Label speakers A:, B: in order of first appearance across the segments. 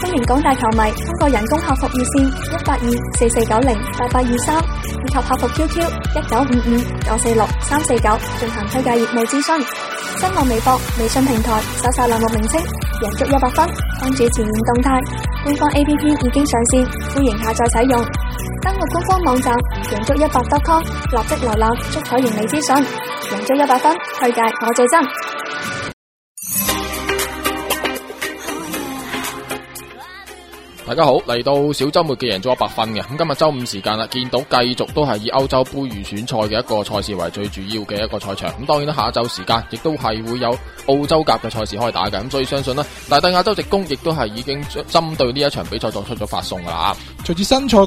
A: 歡迎廣大球迷通過人工客服熱線一八二四四九零八八二三以及客服 QQ 一九五五九四六三四九進行推介業務諮詢。新浪微博、微信平台搜索欄目名稱贏足一百分，關注前沿動態。官方 APP 已經上線，歡迎下載使用。登錄官方網站贏足一百分 .com，立即瀏覽足彩盈利資訊。贏足一百分，推介我最真。
B: 大家好，嚟到小周末嘅贏足 100FUN 嘅。咁今日周五時間啦，見到繼續都係以歐洲盃預選賽嘅一個賽事為最主要嘅一個賽場。咁當然啦，下晝時間亦都係會有澳洲甲嘅賽事開打嘅。咁所以相信咧，大帝亞洲直攻亦都係已經針對呢一場比賽作出咗發送噶啦。
A: 隨住新賽季澳超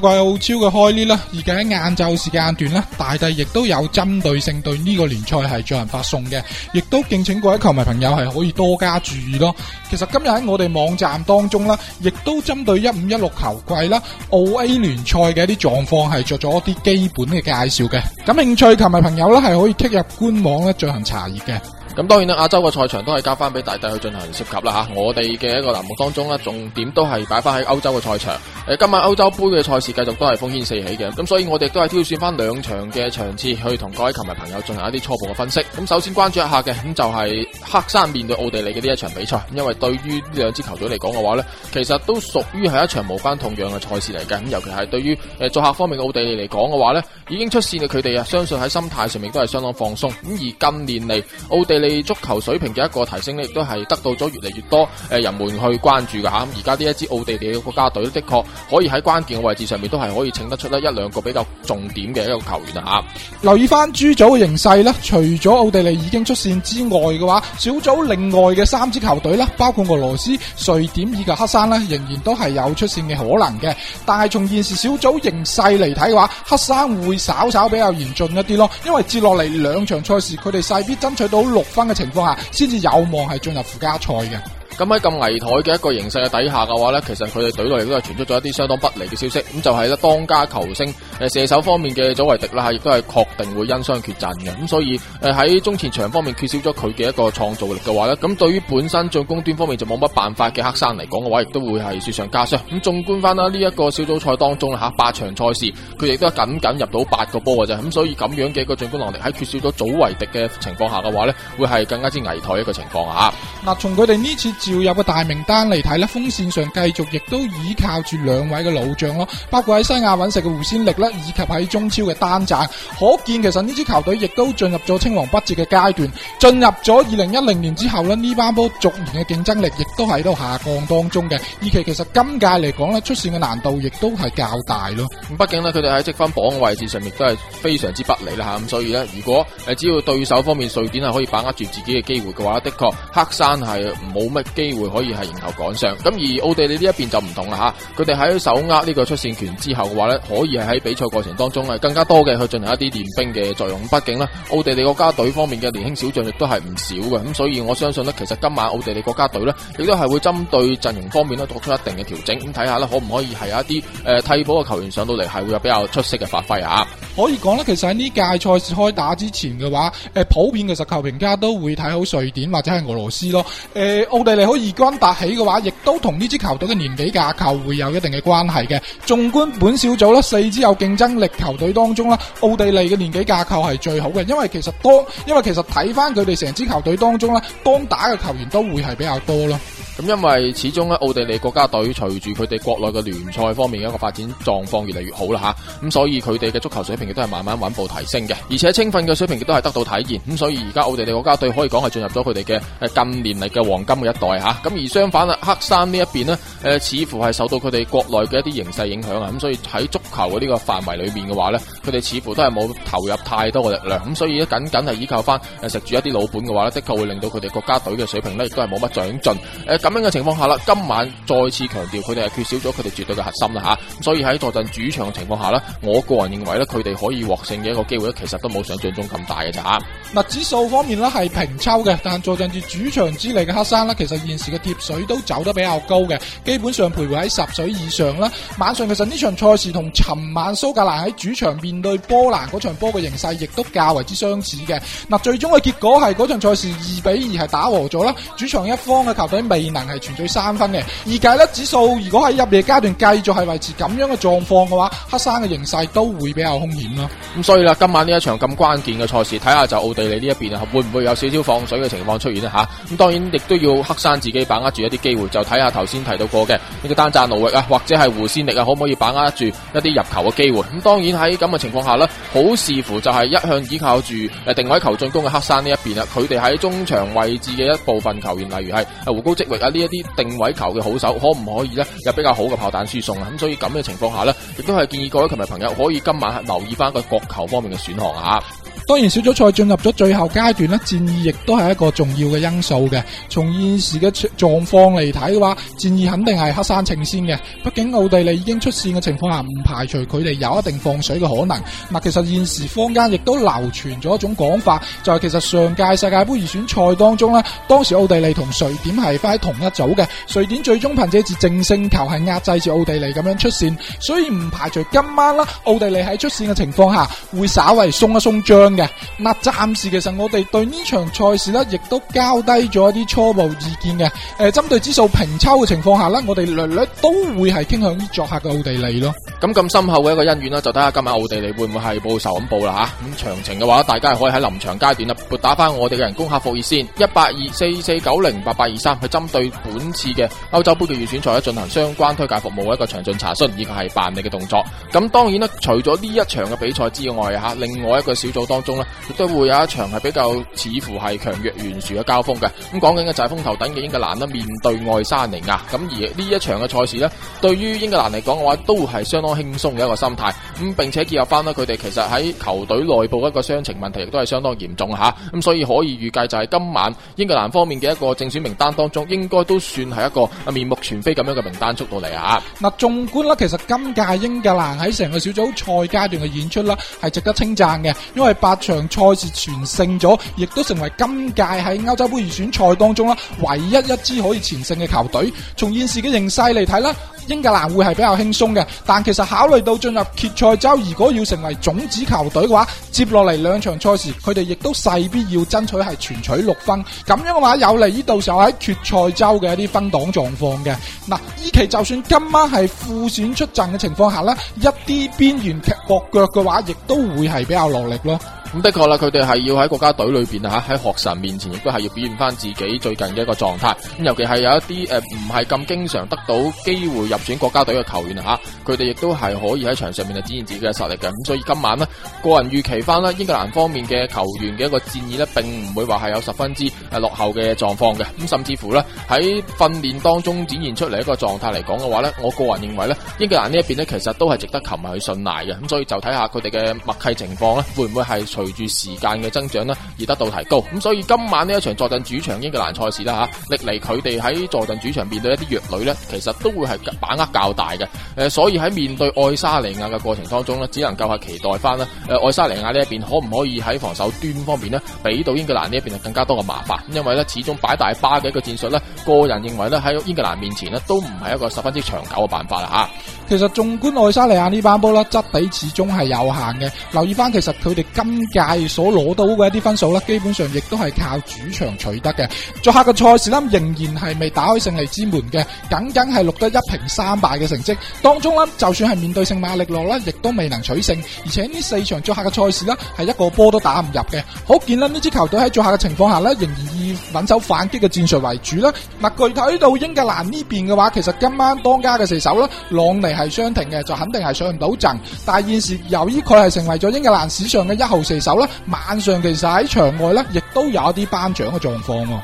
A: 嘅開啲啦，而家喺晏晝時間段咧，大帝亦都有針對性對呢個聯賽係進行發送嘅，亦都敬請各位球迷朋友係可以多加注意咯。其實今日喺我哋網站當中啦，亦都針對一五一六球季啦，澳 A 聯賽嘅一啲狀況係作咗一啲基本嘅介紹嘅，感興趣球迷朋友咧係可以踢入官網咧進行查閱嘅。
B: 咁當然啦，亞洲嘅賽場都係交翻俾大帝去進行涉及啦嚇。我哋嘅一個欄目當中咧，重點都係擺翻喺歐洲嘅賽場。誒，今晚歐洲杯嘅賽事繼續都係烽煙四起嘅。咁所以我哋都係挑選翻兩場嘅場次去同各位球迷朋友進行一啲初步嘅分析。咁首先關注一下嘅咁就係、是、黑山面對奧地利嘅呢一場比賽。因為對於呢兩支球隊嚟講嘅話呢，其實都屬於係一場無關痛癢嘅賽事嚟嘅。咁尤其係對於誒作客方面嘅奧地利嚟講嘅話呢，已經出線嘅佢哋啊，相信喺心態上面都係相當放鬆。咁而近年嚟奧地利地足球水平嘅一個提升亦都係得到咗越嚟越多誒、呃、人們去關注噶吓。而家呢一支奧地利嘅國家隊的確可以喺關鍵嘅位置上面都係可以請得出咧一兩個比較重點嘅一個球員啊吓。
A: 留意翻 G 組嘅形勢咧，除咗奧地利已經出線之外嘅話，小組另外嘅三支球隊咧，包括俄羅斯、瑞典以及黑山咧，仍然都係有出線嘅可能嘅。但係從現時小組形勢嚟睇嘅話，黑山會稍稍比較嚴峻一啲咯，因為接落嚟兩場賽事，佢哋勢必爭取到六。分嘅情況下，先至有望係進入附加賽嘅。
B: 咁喺咁危殆嘅一個形勢嘅底下嘅話咧，其實佢哋隊內亦都係傳出咗一啲相當不利嘅消息，咁就係咧，當家球星誒射手方面嘅祖維迪啦，亦都係確定會因傷缺陣嘅，咁所以誒喺中前場方面缺少咗佢嘅一個創造力嘅話咧，咁對於本身進攻端方面就冇乜辦法嘅黑山嚟講嘅話亦都會係雪上加霜。咁縱觀翻啦呢一個小組賽當中吓八場賽事佢亦都僅僅入到八個波嘅啫，咁所以咁樣嘅一個進攻能力喺缺少咗祖維迪嘅情況下嘅話咧，會係更加之危殆一個情況吓。
A: 嗱，從佢哋呢次。照有個大名單嚟睇呢，鋒線上繼續亦都倚靠住兩位嘅老將咯，包括喺西亞揾食嘅胡先力咧，以及喺中超嘅單展，可見其實呢支球隊亦都進入咗青黃不接嘅階段。進入咗二零一零年之後呢，呢班波逐年嘅競爭力亦都喺度下降當中嘅。而且其實今屆嚟講呢出線嘅難度亦都係較大咯。咁
B: 畢竟呢，佢哋喺積分榜嘅位置上面都係非常之不利啦。吓，咁所以呢，如果只要對手方面瑞典係可以把握住自己嘅機會嘅話，的確黑山係冇乜。機會可以係迎頭趕上，咁而奧地利呢一邊就唔同啦吓，佢哋喺手握呢個出線權之後嘅話呢，可以係喺比賽過程當中啊，更加多嘅去進行一啲練兵嘅作用。畢竟呢，奧地利國家隊方面嘅年輕小將亦都係唔少嘅，咁所以我相信呢，其實今晚奧地利國家隊呢亦都係會針對陣容方面咧作出一定嘅調整。咁睇下呢，可唔可以係有一啲誒替補嘅球員上到嚟，係會有比較出色嘅發揮啊！
A: 可以講咧，其實喺呢屆賽事開打之前嘅話，誒、呃，普遍嘅實球評家都會睇好瑞典或者係俄羅斯咯。誒、呃，奧地利好異軍突起嘅話，亦都同呢支球隊嘅年紀架構會有一定嘅關係嘅。縱觀本小組咧，四支有競爭力球隊當中咧，奧地利嘅年紀架構係最好嘅，因為其實當因為其實睇翻佢哋成支球隊當中咧，當打嘅球員都會係比較多咯。咁因
B: 為始終咧奧地利國家隊隨住佢哋國內嘅聯賽方面嘅一個發展狀況越嚟越好啦吓，咁所以佢哋嘅足球水平亦都係慢慢穩步提升嘅，而且青訓嘅水平亦都係得到體現，咁所以而家奧地利國家隊可以講係進入咗佢哋嘅，誒近年嚟嘅黃金嘅一代吓。咁而相反啊，黑山呢一邊呢，誒似乎係受到佢哋國內嘅一啲形勢影響啊，咁所以喺足球嘅呢個範圍裏面嘅話呢，佢哋似乎都係冇投入太多嘅力量，咁所以咧僅僅係依靠翻，誒食住一啲老本嘅話呢，的確會令到佢哋國家隊嘅水平呢，亦都係冇乜長進誒。咁樣嘅情況下啦，今晚再次強調佢哋係缺少咗佢哋絕對嘅核心啦吓，所以喺坐陣主場嘅情況下啦，我個人認為咧，佢哋可以獲勝嘅一個機會咧，其實都冇想象中咁大嘅咋。
A: 嗱，指數方面咧係平抽嘅，但係坐陣住主場之嚟嘅黑山咧，其實現時嘅貼水都走得比較高嘅，基本上徘徊喺十水以上啦。晚上其實呢場賽事同尋晚蘇格蘭喺主場面對波蘭嗰場波嘅形勢亦都較為之相似嘅。嗱，最終嘅結果係嗰場賽事二比二係打和咗啦，主場一方嘅球隊未。但係全取三分嘅，而解得指數如果喺入夜階段繼續係維持咁樣嘅狀況嘅話，黑山嘅形勢都會比較凶險啦。咁
B: 所以啦，今晚呢一場咁關鍵嘅賽事，睇下就奧地利呢一邊啊，會唔會有少少放水嘅情況出現啦吓？咁、啊、當然亦都要黑山自己把握住一啲機會，就睇下頭先提到過嘅呢個單贊奴域啊，或者係胡先力啊，可唔可以把握住一啲入球嘅機會？咁當然喺咁嘅情況下呢，好視乎就係一向依靠住誒定位球進攻嘅黑山呢一邊啦，佢哋喺中場位置嘅一部分球員，例如係誒胡高職域。啊！呢一啲定位球嘅好手，可唔可以咧？有比較好嘅炮彈輸送啊！咁所以咁嘅情況下咧，亦都係建議各位球迷朋友可以今晚留意翻個角球方面嘅選項吓。
A: 當然小組賽進入咗最後階段呢，戰意亦都係一個重要嘅因素嘅。從現時嘅狀況嚟睇嘅話，戰意肯定係黑山稱先嘅。畢竟奧地利已經出線嘅情況下，唔排除佢哋有一定放水嘅可能。嗱，其實現時坊間亦都流傳咗一種講法，就係、是、其實上屆世界杯預選賽當中咧，當時奧地利同瑞典係喺同一組嘅，瑞典最終憑借住淨勝球係壓制住奧地利咁樣出線，所以唔排除今晚啦，奧地利喺出線嘅情況下，會稍為鬆一鬆張。嘅，嗱，暫時其實我哋對場賽呢場賽事亦都交低咗一啲初步意見嘅。誒、呃，針對指數平抽嘅情況下，我哋略略都會係傾向於作客嘅奧地利咯。咁咁深厚嘅一個
B: 恩怨，就睇下今晚奧地利會唔會係報仇咁報啦吓、啊。咁詳情嘅話，大家可以喺臨場階段啦，撥打翻我哋嘅人工客服熱線一八二四四九零八八二三，去針對本次嘅歐洲杯嘅預選賽咧進行相關推介服務嘅一個詳盡查詢以及係辦理嘅動作。咁當然啦，除咗呢一場嘅比賽之外吓，另外一個小組當。中咧，亦都會有一場係比較似乎係強弱懸殊嘅交鋒嘅。咁講緊嘅就係風頭等嘅英格蘭面對愛沙尼亞。咁而呢一場嘅賽事呢，對於英格蘭嚟講嘅話，都係相當輕鬆嘅一個心態。咁並且結合翻呢，佢哋其實喺球隊內部的一個傷情問題亦都係相當嚴重吓。咁所以可以預計就係今晚英格蘭方面嘅一個正選名單當中，應該都算係一個面目全非咁樣嘅名單出到嚟吓。
A: 嗱，縱觀啦，其實今屆英格蘭喺成個小組賽階段嘅演出啦，係值得稱讚嘅，因為場賽事全勝咗，亦都成為今屆喺歐洲杯預選賽當中啦，唯一一支可以全勝嘅球隊。從現時嘅形勢嚟睇咧，英格蘭會係比較輕鬆嘅，但其實考慮到進入決賽周，如果要成為種子球隊嘅話，接落嚟兩場賽事，佢哋亦都勢必要爭取係全取六分，咁樣嘅話有利於到時候喺決賽周嘅一啲分檔狀況嘅。嗱，依期就算今晚係副選出陣嘅情況下咧，一啲邊緣踢角腳嘅話，亦都會係比較落力咯。
B: 咁的確啦，佢哋係要喺國家隊裏邊吓，喺學神面前亦都係要表現翻自己最近嘅一個狀態。咁尤其係有一啲誒唔係咁經常得到機會入選國家隊嘅球員吓，佢哋亦都係可以喺場上面展現自己嘅實力嘅。咁所以今晚咧，個人預期翻咧，英格蘭方面嘅球員嘅一個戰意咧，並唔會話係有十分之誒落後嘅狀況嘅。咁甚至乎咧，喺訓練當中展現出嚟一個狀態嚟講嘅話咧，我個人認為咧，英格蘭呢一邊咧，其實都係值得球迷去信賴嘅。咁所以就睇下佢哋嘅默契情況咧，會唔會係隨住時間嘅增長呢而得到提高。咁所以今晚呢一場坐鎮主場英格蘭賽事啦、啊、吓，歷嚟佢哋喺坐鎮主場面對一啲弱旅呢其實都會係把握較大嘅。誒，所以喺面對愛沙尼亞嘅過程當中呢只能夠係期待翻啦。誒，愛沙尼亞呢一邊可唔可以喺防守端方面呢俾到英格蘭呢一邊更加多嘅麻煩？因為呢始終擺大巴嘅一個戰術呢個人認為呢喺英格蘭面前呢都唔係一個十分之長久嘅辦法啦吓。
A: 其實縱觀愛沙尼亞呢班波啦，質地始終係有限嘅。留意翻，其實佢哋今屆所攞到嘅一啲分數啦，基本上亦都係靠主場取得嘅。作客嘅賽事啦，仍然係未打開勝利之門嘅，僅僅係錄得一平三敗嘅成績。當中啦，就算係面對聖馬力諾啦，亦都未能取勝。而且呢四場作客嘅賽事啦，係一個波都打唔入嘅。可見啦，呢支球隊喺作客嘅情況下啦，仍然以穩守反擊嘅戰術為主啦。嗱，具體到英格蘭呢邊嘅話，其實今晚當家嘅射手啦，朗尼。係傷停嘅，就肯定係上唔到陣。但係現時由於佢係成為咗英格蘭史上嘅一號射手啦，晚上其實喺場外咧，亦都有一啲頒獎嘅狀況。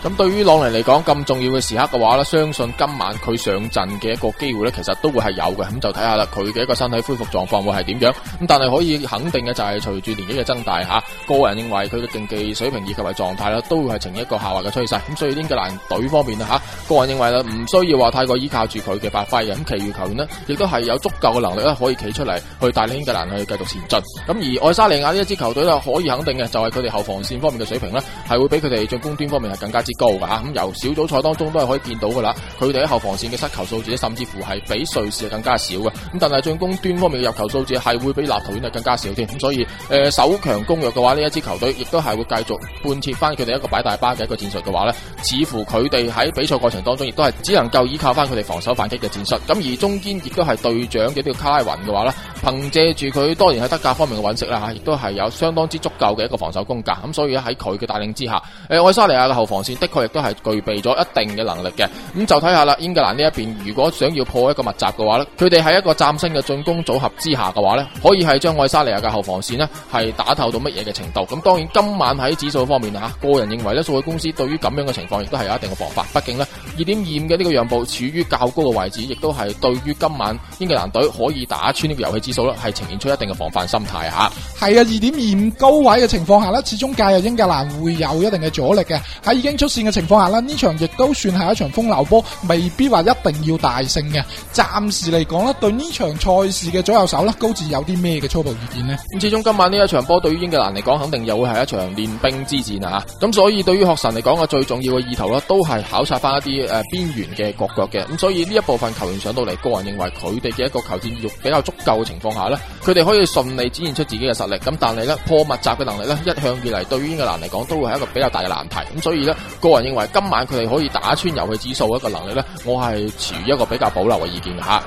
B: 咁對於朗尼嚟講咁重要嘅時刻嘅話咧，相信今晚佢上陣嘅一個機會呢，其實都會係有嘅。咁就睇下啦，佢嘅一個身體恢復狀況會係點樣。咁但係可以肯定嘅就係隨住年紀嘅增大吓，個人認為佢嘅競技水平以及係狀態啦，都會係呈一個下滑嘅趨勢。咁所以英格蘭隊方面啊吓，個人認為呢，唔需要話太過依靠住佢嘅發揮。咁其餘球員呢，亦都係有足夠嘅能力咧，可以企出嚟去帶領英格蘭去繼續前進。咁而愛沙尼亞呢一支球隊呢，可以肯定嘅就係佢哋後防線方面嘅水平呢，係會比佢哋進攻端方面係更加。高噶吓，咁、嗯、由小組賽當中都係可以見到噶啦，佢哋喺後防線嘅失球數字，甚至乎係比瑞士啊更加少嘅，咁、嗯、但係進攻端方面嘅入球數字係會比立陶宛啊更加少添，咁、嗯、所以誒、呃、守強攻弱嘅話，呢一支球隊亦都係會繼續貫徹翻佢哋一個擺大巴嘅一個戰術嘅話呢，似乎佢哋喺比賽過程當中亦都係只能夠依靠翻佢哋防守反擊嘅戰術，咁而中間亦都係隊長嘅呢個卡拉雲嘅話咧。憑借住佢當然喺德甲方面嘅搵食啦嚇，亦都係有相當之足夠嘅一個防守功架咁，所以喺佢嘅帶領之下，誒愛沙尼亞嘅後防線，的確亦都係具備咗一定嘅能力嘅。咁就睇下啦，英格蘭呢一邊如果想要破一個密集嘅話咧，佢哋喺一個嶄新嘅進攻組合之下嘅話呢可以係將愛沙尼亞嘅後防線呢係打透到乜嘢嘅程度？咁當然今晚喺指數方面嚇，個人認為呢數據公司對於咁樣嘅情況亦都係有一定嘅防法。畢竟呢，二點二五嘅呢個讓步處於較高嘅位置，亦都係對於今晚英格蘭隊可以打穿呢個遊戲之。係呈現出一定嘅防範心態嚇，
A: 係啊，二點二五高位嘅情況下咧，始終介入英格蘭會有一定嘅阻力嘅。喺已經出線嘅情況下咧，呢場亦都算係一場風流波，未必話一定要大勝嘅。暫時嚟講咧，對呢場賽事嘅左右手咧，高至有啲咩嘅初步意見呢？咁
B: 始終今晚呢一場波對於英格蘭嚟講，肯定又會係一場練兵之戰啊！咁所以對於學神嚟講啊，最重要嘅意頭咧，都係考察翻一啲誒、呃、邊緣嘅角角嘅。咁所以呢一部分球員上到嚟，個人認為佢哋嘅一個球戰要比較足夠嘅情。況下咧，佢哋可以順利展現出自己嘅實力。咁但係咧，破密集嘅能力咧，一向以嚟，對於英格蘭嚟講都會係一個比較大嘅難題。咁所以咧，個人認為今晚佢哋可以打穿遊戲指數嘅一個能力咧，我係持一個比較保留嘅意見吓。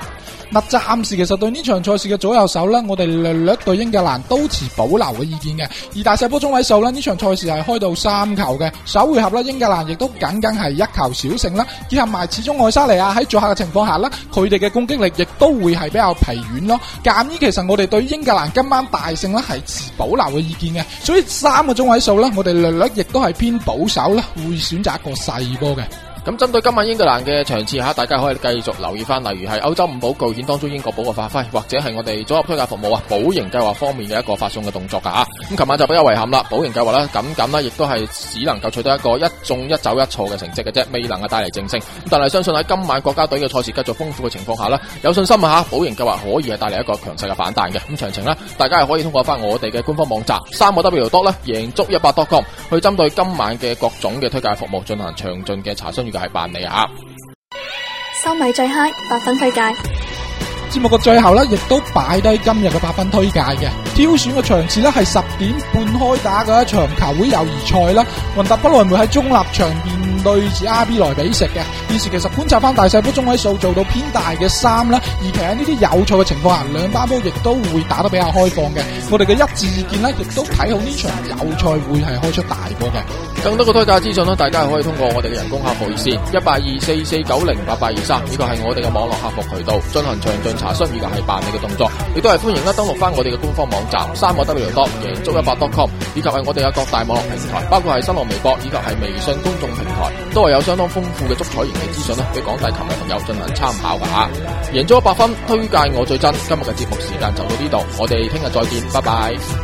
A: 嗱，暫時其實對呢場賽事嘅左右手呢，我哋略略對英格蘭都持保留嘅意見嘅。而大細波中位數呢，呢場賽事係開到三球嘅。首回合呢，英格蘭亦都僅僅係一球小勝啦。結合埋，始終愛沙尼亞喺做客嘅情況下呢，佢哋嘅攻擊力亦都會係比較疲軟咯。鑒於其實我哋對英格蘭今晚大勝呢係持保留嘅意見嘅，所以三個中位數呢，我哋略略亦都係偏保守啦，會選擇一個細波嘅。
B: 咁針對今晚英格蘭嘅場次吓，大家可以繼續留意翻，例如係歐洲五保巨選當中英國寶嘅發揮，或者係我哋組合推介服務啊，保營計劃方面嘅一個發送嘅動作噶吓。咁、嗯、琴晚就比較遺憾啦，保營計劃呢咁咁呢，亦都係只能夠取得一個一中一走一錯嘅成績嘅啫，未能啊帶嚟正勝。但係相信喺今晚國家隊嘅賽事繼續豐富嘅情況下有信心吓，保型計劃可以係帶嚟一個強勢嘅反彈嘅。咁、嗯、詳情呢，大家係可以通過翻我哋嘅官方網站三個 w 多贏足一百多 c o m 去針對今晚嘅各種嘅推介服務進行詳盡嘅查詢。就係辦理啊！
A: 收米最嗨，i 八分推介。節目嘅最後咧，亦都擺低今日嘅八分推介嘅。挑選嘅場次咧，係十點半開打嘅一場球會友誼賽啦。雲達不萊梅喺中立場面對住 RB 萊比錫嘅。現時其實觀察翻大細波中位數做到偏大嘅三啦，而其喺呢啲友賽嘅情況下，兩班波亦都會打得比較開放嘅。我哋嘅一致意見咧，亦都睇好呢場友賽會係開出大波嘅。
B: 更多嘅推介資訊咧，大家係可以通過我哋嘅人工客服熱線一八二四四九零八八二三，呢個係我哋嘅網絡客服渠道進行詳盡查詢，以及係辦理嘅動作。亦都係歡迎咧登錄翻我哋嘅官方網站三個 w 贏足一百 com 以及係我哋嘅各大網絡平台，包括係新浪微博以及係微信公眾平台，都係有相當豐富嘅足彩盈利資訊咧，俾廣大球迷朋友進行參考噶吓。贏足一百分，推介我最真。今日嘅節目時間就到呢度，我哋聽日再見，拜拜。